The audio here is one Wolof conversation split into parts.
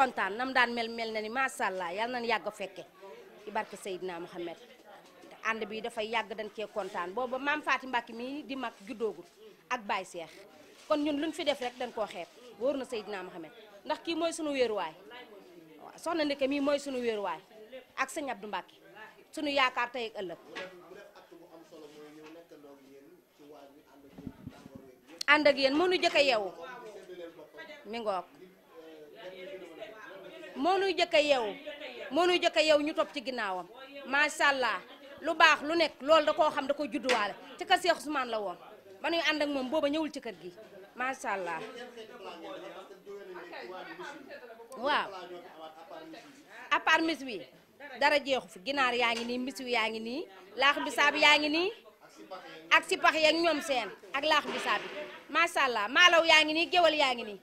kontaan nam daan mel mel na ni macha allah yal nañu yàgg a fekke ci barke Seydina Mohamed ànd bi dafay yàgg dañ cee kontaan booba maam Faati Mbàkke mii di mag juddoogul ak Baye Seex kon ñun luñ fi def rek dañ koo xeeb wóor na Seydina Mohamed ndax kii mooy sunu wéeruwaay waaw soxna Ndeke mii mooy sunu wéeruwaay ak sëñ Abdou Mbàkke sunu yaakaar tey ak ëllëg ànd ak yéen mënu jëkk a yeewu mi ngoog moo nuy jëkk a yeewu moo nuy jëkk a ñu topp ci ginnaawam macha allah lu baax lu nekk loolu da koo xam da ko judduwaale ci kër Cheikh Ousmane la woon ba nuy ànd ak moom booba ñëwul ci kër gi macha allah waaw à part wi dara jeexu fi ginaar yaa ngi nii mis wi yaa ngi nii laax bisaab yaa ngi nii ak sipax pax yeeg ñoom seen ak laax bisaab yi macha allah maalaw yaa ngi nii géwal yaa ngi nii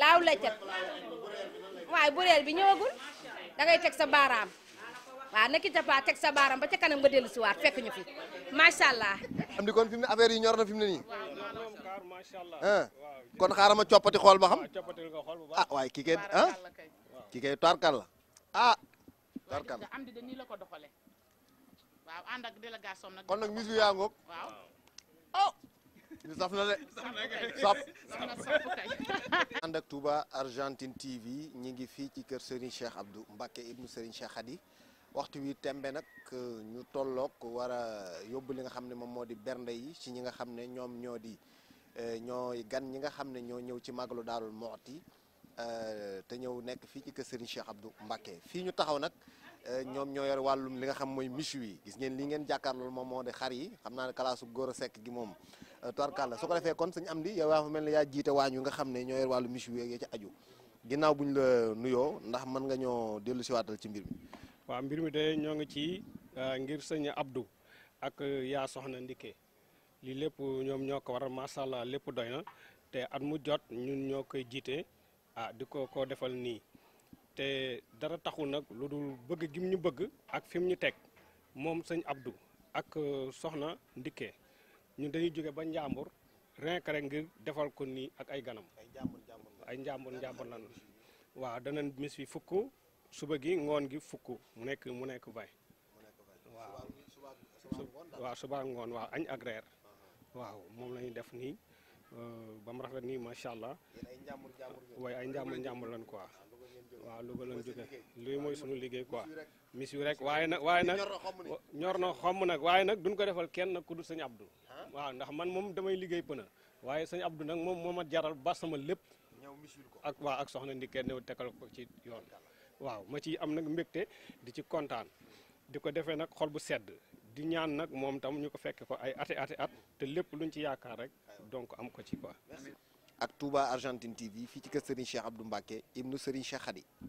laaw la cat waaye buréel bi ñëwagul da teg sa baaraam waaw na kita pa teg sa baaraam ba ca kanam nga dellu si waat fekk ñu fi macha allah. am di kon fi ne affaire yi ñor na fi mu ne nii. ah kon xaaral ma coppati xool ba xam ah waaye kii kay tarkal la ah tarkal la. kon nag miss bi yaa saf na de saf ànd ak Touba Argentine TV ñi ngi fii ci kër Serigne Cheikh Abdou Mbacké ibnu Serigne Cheikh Hadi waxtu wi tembe nag ñu tolloog war a yóbbu li nga xam ne moom moo di bernde yi ci ñi nga xam ne ñoom ñoo di eh, ñooy gan ñi nga xam ne ñoo ñëw ci magalu Daarul Muxti eh, te ñëw nekk fii ci kër Serigne Cheikh Abdou Mbacké fii ñu taxaw nag eh, ñoom ñoo yor wàllum li nga xam mooy michu yi gis ngeen li ngeen jàkkaarlool moom moo di xar yi xam naa ne kalaasu góor a gi moom tarkalla su ko defee kon suñu am di yow yaa fa mel ne yaa jiite waañ yu nga xam ne ñoo yor wàllu miche yi ya ci aju ginnaaw bu ñu la nuyoo ndax mën nga ñoo dellu siwaatal ci mbir mi waaw mbir mi de ñoo ngi ci euh, ngir sëñ Abdou ak euh, yaa soxna Ndike lii lépp ñoom ñoo ko waral macha allah lépp doy na te at mu jot ñun ñoo koy jiite ah di ko ko defal nii te dara taxul nag lu dul bëgg gi ñu bëgg ak fim ñu teg moom sëñ Abdou ak euh, soxna Ndike ñu dañuy jóge ba njàmbur rek rek ngir defal ko nii ak ay ganam. ay njàmbur njàmbur ay njàmbur njàmbur lan waaw danañ mis fi fukk suba gi ngoon gi fukk mu nekk mu nekk bay. waaw waaw suba ngoon waaw añ ak uh-huh. waaw moom lañuy def nii euh, ba mu rafet nii macha allah. waaye ay njàmbur njàmbur lan quoi. Ah, Louga lañ jóge lii mooy suñu liggéey quoi mis yu rek waaye nag waaye nag ñor na xomm nag waaye nag duñ ko defal kenn ku du sëñ Abdou waaw ndax man moom damay liggéey pëna waaye sëñ Abdou nag moom moo ma jaral ba sama lépp ak waaw ak soxna ndikee new tegal ko ci yoon waaw ma ci am nag mbégte di ci kontaan di ko defee nag xol bu sedd di ñaan nag moom tam ñu ko fekke ko ay ati ati at te lépp luñ ci yaakaar rek donc am ko ci quoi ak Touba Argentine TV fi ci kër Serigne Cheikh Abdou Mbacké ibnu Serigne Cheikh